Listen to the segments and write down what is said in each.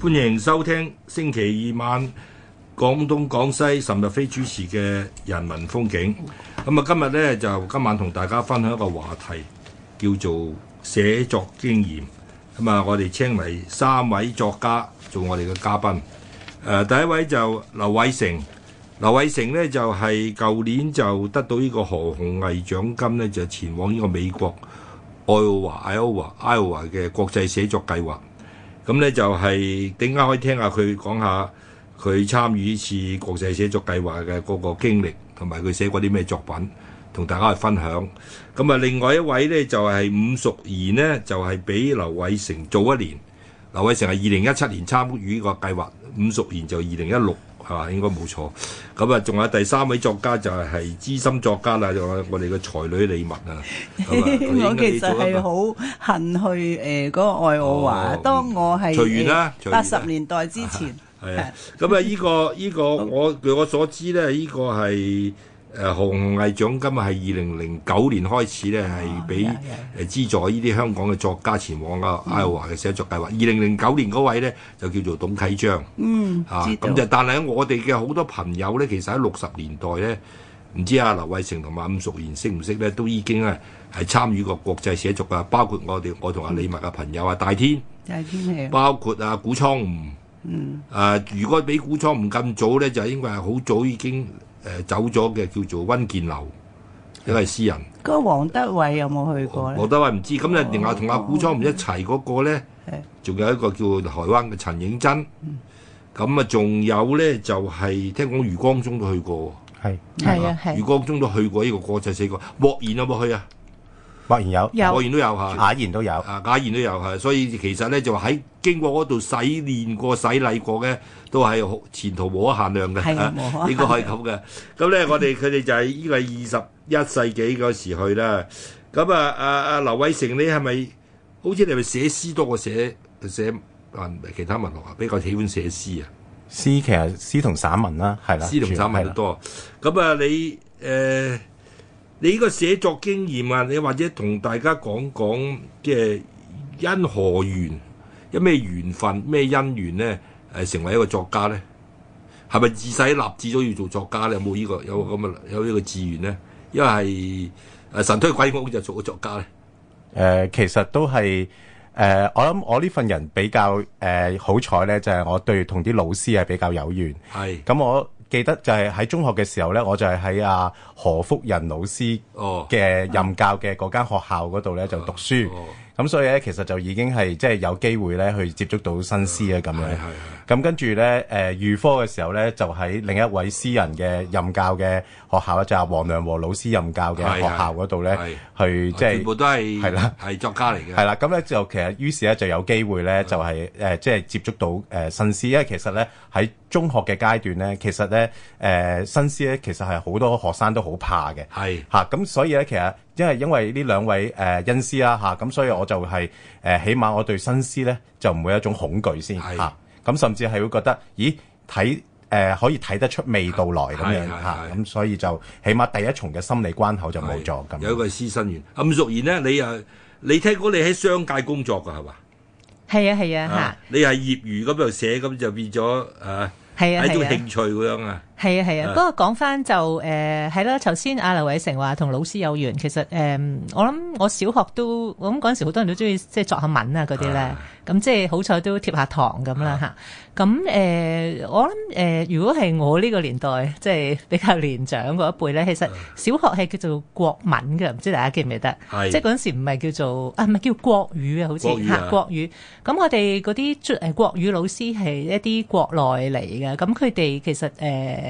歡迎收聽星期二晚廣東廣西岑逸飛主持嘅《人民風景》。咁啊，今日咧就今晚同大家分享一個話題，叫做寫作經驗。咁啊，我哋請嚟三位作家做我哋嘅嘉賓。呃，第一位就劉偉成。劉偉成咧就係舊年就得到呢個何鴻毅獎金咧，就前往呢個美國愛奧華、愛奧華、愛奧華嘅國際寫作計劃。咁咧就係點解可以聽一下佢講一下佢參與次國際寫作計劃嘅嗰個經歷，同埋佢寫過啲咩作品，同大家去分享。咁啊，另外一位咧就係、是、伍淑賢咧，就係、是、比劉偉成做一年。劉偉成係二零一七年參與呢個計劃，伍淑賢就二零一六。嚇，啊，應該冇錯。咁啊，仲有第三位作家就係資深作家啦，就係、我我哋嘅才女李默啊。 我其實係好恨去嗰個愛我華，哦、當我係八十年代之前。係啊，咁啊，呢、啊啊呢個呢、呢個我據我所知咧，呢、呢個係。誒紅、呃、藝獎金係二零零九年開始咧，係俾誒資助呢啲香港嘅作家前往個愛荷華嘅寫作計劃。二零零九年嗰位咧就叫做董啟章。嗯，咁就、啊道嗯、但係我哋嘅好多朋友咧，其實喺六十年代咧，唔知阿、啊、劉偉成同埋伍淑賢識唔識咧，都已經咧、啊、係參與過國際寫作啊！包括我哋，我同阿李默嘅朋友啊，嗯、大天，大天咩包括阿古蒼梧，嗯，誒、啊，嗯、如果比古蒼梧唔咁早咧，就應該係好早已經。誒，走咗嘅叫做溫建樓，因為係私人。嗰個黃德偉有冇去過咧？黃德偉唔知。咁咧，另外同阿古莊唔一齊嗰個咧，係仲元有一個叫台灣嘅陳映真。咁啊、嗯，仲有咧就係聽講余光中都去過，係係是啊，余光中都去過呢、這個個就係四個。莫言有冇去啊？當然有，果然都有嚇，假言都有，啊假言都有嚇，所以其實咧就話喺經過嗰度洗練過、洗禮過嘅，都係前途無限量嘅，應該可以咁嘅。咁咧， 我哋佢哋就係呢個二十一世紀嗰時去啦。咁啊啊啊，劉偉成，你係咪？好似你係咪寫詩多過寫寫、啊、其他文學啊？比較喜歡寫詩啊？詩其實詩同散文啦，係啦，詩同散文好多。咁啊，你誒？呃你呢個寫作經驗啊，你或者同大家講講即係因何緣、有咩緣分、咩姻緣咧，成為一個作家咧，係咪自細立志咗要做作家咧？有冇、呢個呢個、呢個有咁嘅有呢個志願咧？因為神推鬼講就做個作家咧、呃。其實都係誒、呃，我諗我呢份人比較誒好彩咧，就係、係、我對同啲老師係比較有緣。係咁是、嗯、我。記得就係喺中學嘅時候咧，我就係喺啊何福仁老師嘅任教嘅嗰間學校嗰度咧就讀書。咁、嗯、所以咧，其實就已經係即係有機會咧，去接觸到新詩啊咁樣。咁、嗯、跟住咧，誒、呃、預科嘅時候咧，就喺另一位詩人嘅任教嘅學校呢就黃、是、良和老師任教嘅學校嗰度咧，去即係是、就是、全部都係係啦，作家嚟嘅。啦，咁咧就其實於是咧就有機會咧是、就是呃，就係即係接觸到、呃、新詩，因為其實咧喺中學嘅階段咧，其實咧誒、呃、新詩咧其實係好多學生都好怕嘅。咁是、啊嗯，所以咧其實。因因為呢兩位誒恩師啦嚇，咁所以我就係誒，起碼我對新師咧就唔會有一種恐懼先嚇，咁甚至係會覺得，咦睇誒可以睇得出味道來咁樣嚇，咁所以就起碼第一重嘅心理關口就冇咗咁。有一個師生緣，咁淑賢呢，你又你聽講你喺商界工作噶係嘛？係啊係啊嚇，你係業餘咁又寫咁就變咗誒，係一種興趣咁樣啊。係啊係啊，係啊係啊，不過講翻就誒係啦。頭先阿劉偉成話同老師有緣，其實誒、呃、我諗我小學都，咁嗰陣時好多人都中意即係作下文啊嗰啲咧，咁、啊、即係好彩都貼下堂咁啦吓咁誒我諗誒、呃，如果係我呢個年代即係、就是、比較年長嗰一輩咧，其實小學係叫做國文嘅，唔知大家記唔記得？啊、即係嗰陣時唔係叫做啊，唔係叫國語啊，好似吓國語、啊啊、國語。咁我哋嗰啲誒國語老師係一啲國內嚟嘅，咁佢哋其實、呃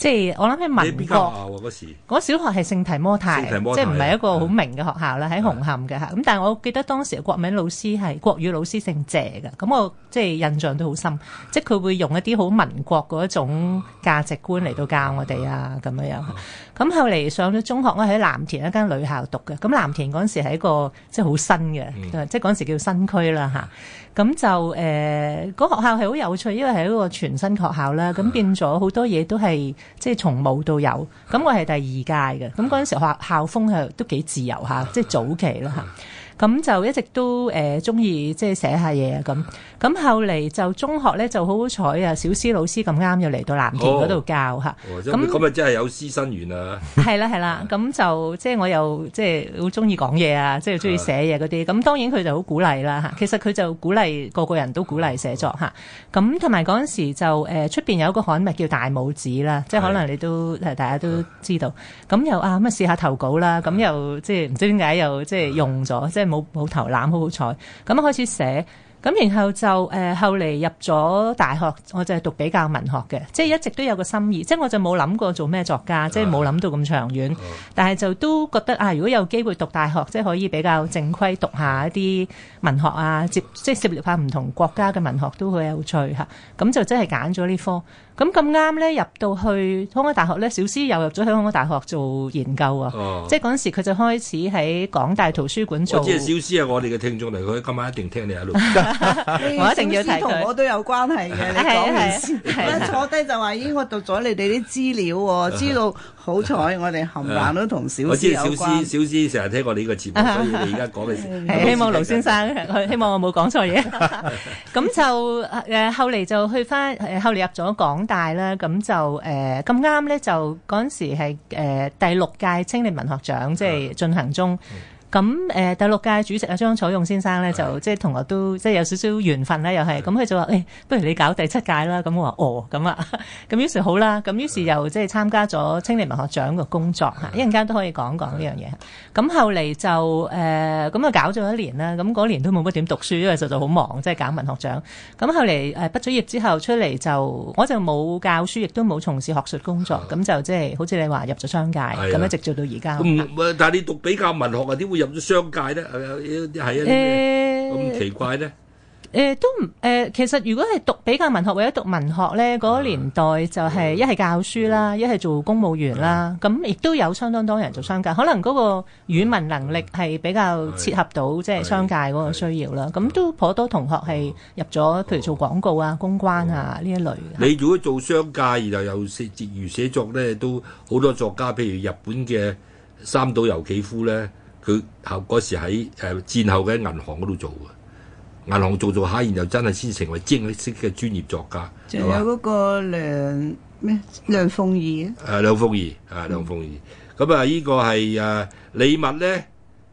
即係我諗起民國，嗰小學係聖提摩太，即係唔係一個好明嘅學校啦，喺紅磡嘅嚇。咁但係我記得當時國文老師係國語老師，姓謝嘅。咁我即係印象都好深，即係佢會用一啲好民國嗰一種價值觀嚟到教我哋啊咁樣樣。咁後嚟上咗中學咧，我喺藍田一間女校讀嘅。咁藍田嗰陣時係一個即係好新嘅，即係嗰陣時叫新區啦嚇。咁就誒，嗰學校係好有趣，因為係一個全新學校啦。咁變咗好多嘢都係。即係從冇到有，咁我係第二屆嘅，咁嗰陣時學校風係都幾自由嚇，即係早期啦嚇咁就一直都誒中意，即係寫下嘢啊咁，咁後嚟就中學咧就好好彩啊，小思老師咁啱又嚟到藍田嗰度教嚇。咁咁咪真係有師生緣啊！係啦係啦，咁 就即係我又即係好中意講嘢啊，即係中意寫嘢嗰啲。咁當然佢就好鼓勵啦嚇。其實佢就鼓勵個個人都鼓勵寫作嚇。咁同埋嗰陣時就誒出邊有一個刊物叫《大拇指》啦，即係可能你都的大家都知道。咁、啊啊、又啊乜試下投稿啦，咁又即係唔知點解又即係用咗即係。啊啊冇冇投籃，好好彩。咁開始寫，咁然後就誒後嚟入咗大學，我就係讀比較文學嘅，即係一直都有個心意，即係我就冇諗過做咩作家，即係冇諗到咁長遠。但係就都覺得啊，如果有機會讀大學，即係可以比較正規讀下一啲文學啊，接即係涉獵下唔同國家嘅文學，都好有趣吓。咁就真係揀咗呢科。咁咁啱咧，入到去香港大學咧，小思又入咗香港大學做研究啊！即係嗰陣時，佢就開始喺港大圖書館做。我知道小思係我哋嘅聽眾嚟，佢今晚一定聽你喺度。我一定要睇佢，同我都有關係嘅。係啊係啊，一坐低就話咦，我讀咗你哋啲資料喎，知道好彩我哋冚唪唥都同小思有關。我知小思，小思成日聽過你呢個節目，所以你而家講嘅事係希望盧先生，希望我冇講錯嘢。咁就誒後嚟就去翻誒後嚟入咗港大啦，咁就誒，咁啱咧，就嗰陣時係誒第六屆青年文學獎，即係進行中。啊嗯咁誒第六屆主席阿張楚勇先生咧，就即係同學都即係有少少緣分啦，又係咁，佢就話誒，不如你搞第七屆啦。咁我話哦，咁啊，咁於是好啦，咁於是又即係參加咗青年文學獎嘅工作吓，一陣間都可以講講呢樣嘢。咁後嚟就誒咁啊，搞咗一年啦。咁嗰年都冇乜點讀書，因為實在好忙，即係搞文學獎。咁後嚟誒畢咗業之後出嚟就，我就冇教書，亦都冇從事學術工作。咁就即係好似你話入咗商界，咁一直做到而家。但係你讀比較文學啊，啲會。入咗商界咧，係咪？係啊，咁奇怪咧？誒，都誒，其實如果係讀比較文學或者讀文學咧，嗰個年代就係一係教書啦，一係做公務員啦。咁亦都有相當多人做商界，可能嗰個語文能力係比較切合到即係商界嗰個需要啦。咁都頗多同學係入咗，譬如做廣告啊、公關啊呢一類。你如果做商界，而又有寫如寫作咧，都好多作家，譬如日本嘅三島由紀夫咧。佢嗰時喺誒戰後嘅銀行嗰度做嘅，銀行做做下，然後真係先成為正式嘅專業作家。仲有嗰個梁咩梁鳳儀啊？梁鳳儀啊，啊梁鳳儀。咁啊，嗯啊這個、啊呢個係誒李默咧，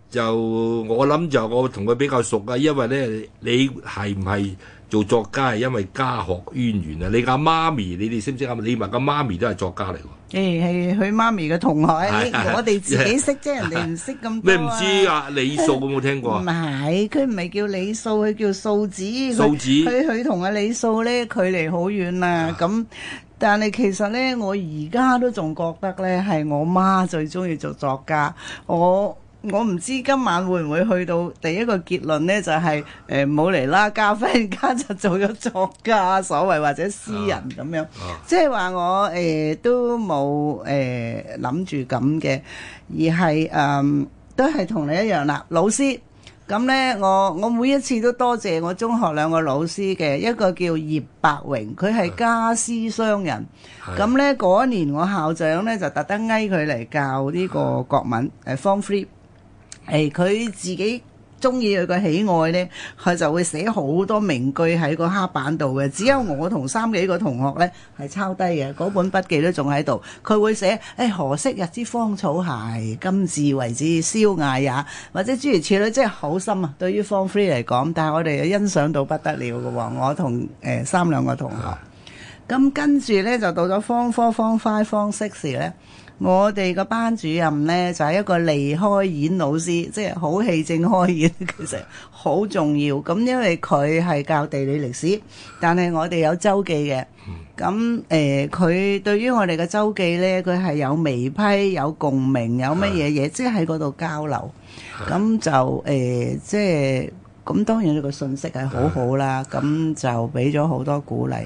就我諗就我同佢比較熟啊，因為咧你係唔係？做作家係因為家學淵源啊！你家媽咪，你哋識唔識啊？李默嘅媽咪都係作家嚟喎。誒、欸，係佢媽咪嘅同學， 我哋自己識啫， 人哋唔識咁。咩唔知啊？李素，啊、有冇聽過唔、啊、係，佢唔係叫李素，佢叫數子。數子。佢佢同阿李素咧，距離好遠啦。咁， 但係其實咧，我而家都仲覺得咧，係我媽最中意做作家，我。我唔知今晚會唔會去到第一個結論呢，就係誒冇嚟啦。加菲加就做咗作家、所謂或者詩人咁樣，即係話我誒都冇誒諗住咁嘅，而係誒都係同你一樣啦，老師。咁呢，我我每一次都多謝我中學兩個老師嘅，一個叫葉白榮，佢係家私商人。咁呢嗰年我校長呢就特登嗌佢嚟教呢個國文誒 Form 3。誒，佢、哎、自己中意佢個喜愛呢，佢就會寫好多名句喺個黑板度嘅。只有我同三幾個同學呢係抄低嘅，嗰本筆記都仲喺度。佢會寫誒、哎、何昔日之芳草兮，今字為之蕭艾也。或者諸如此類，即係好深啊。對於 Form 3嚟講，但係我哋又欣賞到不得了喎。我同誒、哎、三兩個同學。咁跟住呢，就到咗方科方 five 方 six 時呢，我哋個班主任呢，就係、是、一個離開演老師，即係好戲正開演，其實好重要。咁因為佢係教地理歷史，但係我哋有周記嘅。咁誒，佢、呃，對於我哋嘅周記呢，佢係有眉批、有共鳴、有乜嘢嘢，的即係喺嗰度交流。咁的就誒、呃，即係咁，當然呢個信息係好好啦。咁的就俾咗好多鼓勵。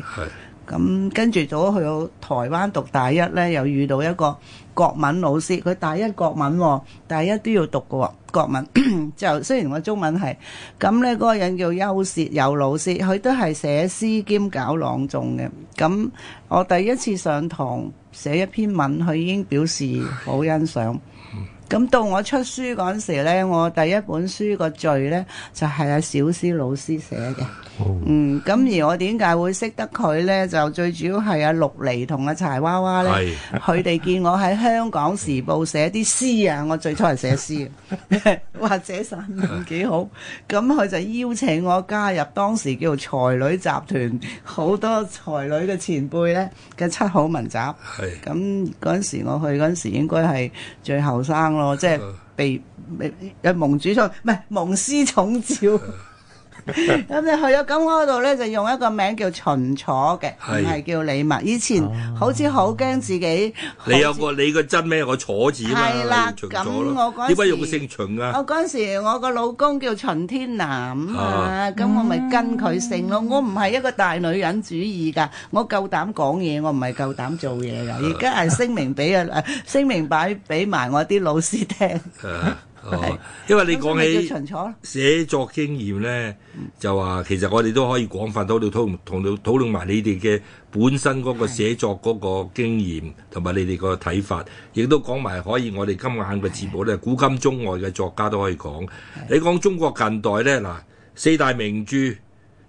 咁跟住做咗去到台灣讀大一呢，又遇到一個國文老師，佢大一國文、哦，大一都要讀嘅喎、哦、國文。 就雖然我中文係，咁呢嗰個人叫邱舌有老師，佢都係寫詩兼搞朗誦嘅。咁我第一次上堂寫一篇文，佢已經表示好欣賞。咁到我出書嗰陣時呢咧，我第一本書個序咧就係阿小詩老師寫嘅。Oh. 嗯，咁而我點解會識得佢咧？就最主要係阿陸離同阿柴娃娃咧，佢哋是見我喺香港時報寫啲詩啊，我最初係寫詩或者散文幾好。咁佢就邀請我加入當時叫做才女集團，好多才女嘅前輩咧嘅七好文集。咁嗰陣是時我去嗰陣時應該係最後生。哦，即係被，被蒙主上，唔係蒙師重召。 咁你去咗咁嗰度咧，就用一個名叫秦楚嘅，唔係叫李默。以前好似好驚自己。你有個你個真名？有個楚字嘛係啦，咁我嗰陣時點解用姓秦啊？我嗰陣時我個老公叫秦天南啊，咁我咪跟佢姓咯。我唔係一個大女人主義噶，我夠膽講嘢，我唔係夠膽做嘢噶。而家係聲明俾啊，聲明擺俾埋我啲老師聽。哦，因為你講起寫作經驗咧，嗯、就話其實我哋都可以廣泛到度討同度討論埋你哋嘅本身嗰個寫作嗰個經驗，同埋是你哋個睇法，亦都講埋可以我哋今晚嘅節目咧，是古今中外嘅作家都可以講。是你講中國近代咧，嗱四大名著《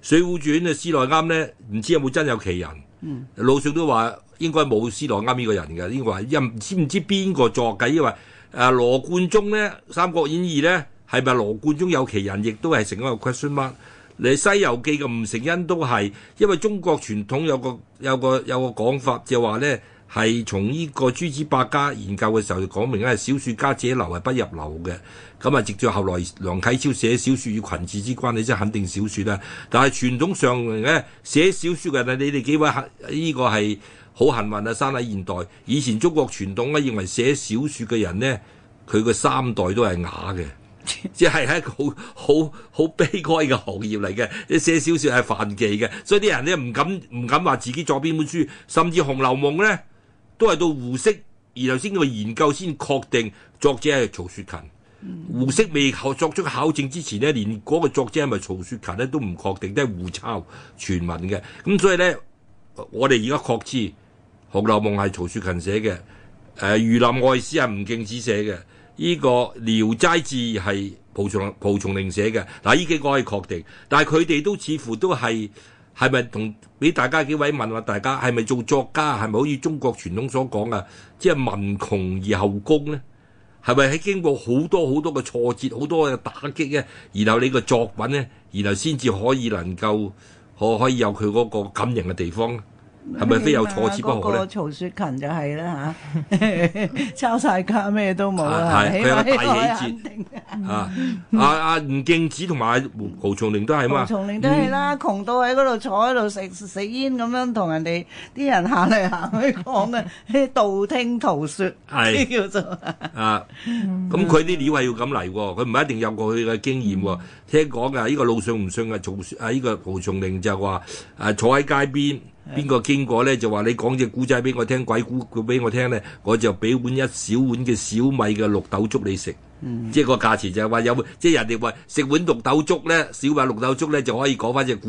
水滸傳》啊，施耐庵咧，唔知有冇真有其人？嗯，老少都話應該冇施耐庵呢個人嘅，應該話又唔知邊個作㗎？因為誒、啊、羅貫中呢，《三國演義》呢，係咪羅貫中有其人，亦都係成個 question mark？你《西遊記》嘅吳承恩都係，因為中國傳統有個有個有個講法，就話、是、呢。係從呢個諸子百家研究嘅時候就講明緊，係小説家者流係不入流嘅。咁啊，直至後來梁啟超寫小説與群治之關係真係肯定小説啦。但係傳統上咧寫小説嘅人你哋幾位呢、呢個係好幸運啊，生喺現代。以前中國傳統咧認為寫小説嘅人咧，佢個三代都係啞嘅，即係喺一個好好好悲哀嘅行業嚟嘅。寫小説係犯忌嘅，所以啲人咧唔敢唔敢話自己作邊本書，甚至紅樓夢呢《紅樓夢》咧。都係到胡適然頭先個研究先確定作者係曹雪芹。嗯、胡適未作出考證之前咧，連嗰個作者係咪曹雪芹咧都唔確定，都係互抄傳聞嘅。咁所以咧，我哋而家確知《紅樓夢》係曹雪芹寫嘅，誒、呃，《儒林外史》係吳敬梓寫嘅，呢、這個《聊齋志異》係蒲松蒲松齡寫嘅。嗱，呢幾個可以確定，但係佢哋都似乎都係。係咪同畀大家幾位問話大家？係咪做作家？係咪好似中國傳統所講啊，即係文窮而後工咧？係咪喺經過好多好多嘅挫折、好多嘅打擊咧？然後你個作品咧，然後先至可以能夠可可以有佢嗰個感人嘅地方？係咪非有挫折不可？曹雪芹就係啦，吓，抄晒家咩都冇啊，起碼啊！阿吳敬梓同埋蒲松齡都係嘛？蒲松齡都係啦，窮到喺嗰度坐喺度食食煙咁樣，同人哋啲人行嚟行去講嘅，道聽途説，叫做啊。咁佢啲料係要咁嚟喎，佢唔係一定有過去嘅經驗喎。聽講㗎，呢個路上唔信啊？曹啊，呢個蒲松齡就話坐喺街邊。邊個經過咧，就話你講隻古仔俾我聽，鬼故佢俾我聽咧，我就俾碗一小碗嘅小米嘅綠豆粥你食。嗯，即係個價錢就係話有，即係人哋話食碗綠豆粥咧，小米綠豆粥咧，就可以講翻隻古。